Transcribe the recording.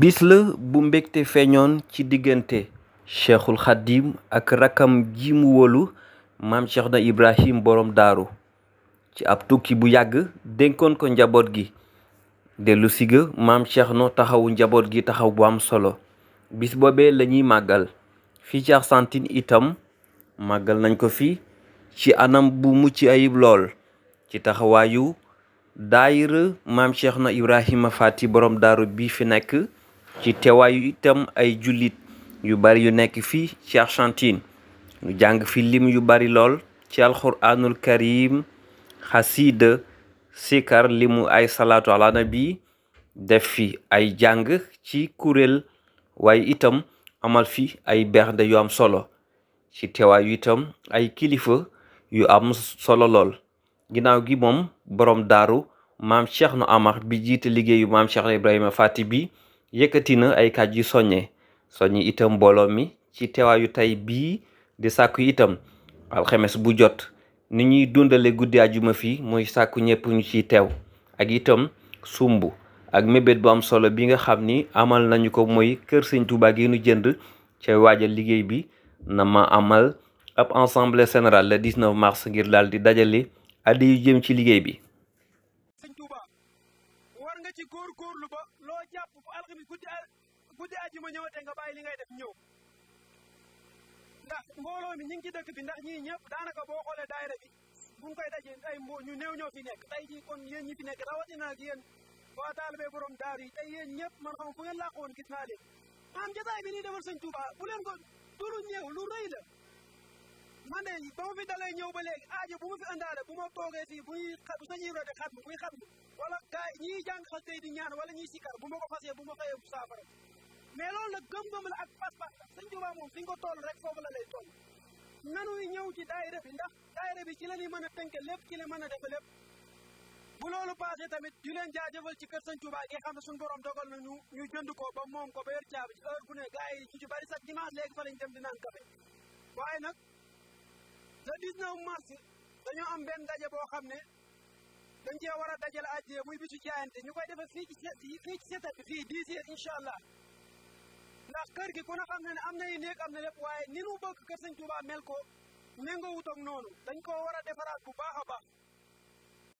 bis la bu mbégte feeñoon ci diggante cheikhul xadim ak rakkam ji mu wolu maam cheikh na ibrahim borom daaru ci ab tukki bu yàgg dénkoon ko njaboot gi dellu siga maam cheikh na taxawu njaboot gi taxaw bu am solo bis boobee lañuy màggal fii ci Argentine itam màggal nañ ko fi ci anam bu mucc ayib lool ci taxawaayu daayira maam cheikh na ibrahima fati borom daaru bi fi nekk ci teewaayu itam ay jullit yu bari yu nekk fii ci Argentine ñu jàng fi lim yu bari lool ci alxuraanul karim xasida sikar limu ay salaatu ala bi def fi ay jàng ci kuréel waaye itam amal fi ay bernde yu am solo ci teewaayu itam ay kilifa yu am solo lool ginnaaw gi moom boroom daaru maam Cheikhna Amar bi jiite liggéeyu maam Cheikhna Ibrahima Fati bi yëkkati na ay kàddu yu soññe soññi itam mbooloo mi ci teewaayu tey bii di sàkku itam alxemes bu jot ni ñuy dundale guddi àjjuma fii muy sàkku ñëpp ci teew ak itam sumb ak mébét bu am solo bi nga xam ni amal nañu ko mooy kër sëñ Tuubaa gi nu jënd ca waajal liggéey bi na ma amal ab assemblée générale le 19 mars ngir daal di dajale addi yu jëm ci liggéey bi góorgóorlu ba loo jàpp bu alxamis guddi a guddi ajjuma ñëwatee nga bàyyi li ngay def ñëw ndax mbooloo mi ñu ngi ci dëkk bi ndax ñii ñëpp daanaka boo xoolee daayira bi bu ngi koy daje ay mbo ñu néew ñoo fi nekk tey jii kon yéen ñi fi nekk rawatina ak yéen waa taalibe borom daar yi tey yéen ñëpp man xam fu ngeen làqoon gis naa leen maam jotaay bi nii defal sëñ Tuubaa bu ko du lu lu rëy la nee ba mu fi dalee ñëw ba léegi aajo bu mu fi andaale bu ma toogee fii bu ñuy xa bu sañuy rote xam buy xam wala gaa ñiy di ñaan wala ñuy sikkar bu ma ko fasee bu ma xëyee bu saafara mais loolu la gëm-gëm la ak pas-pas la sëñ Tuubaa moom fi nga rek foofu la lay toll nanuy ñëw ci daayira bi ndax daayira bi ci la ñuy mën a tënke lépp ci la a def lépp bu loolu passé tamit di leen jaajëfal ci kër sëñ Tuubaa gi xam ne borom dogal na ñu ñu jënd ko ba le 19 mars dañoo am benn daje boo xam ne dañ cee war a dajale àjjee muy bisu jaayante ñu koy defee fii ci fii ci seetal bi fii 10 allah ndax kër gi ku ne xam ne ne am na yu néeg am na lépp waaye ni nu bëgg kër Sëñ Tuubaa mel ko méngóo wut ak noonu dañ koo war a defaraat bu baax a baax.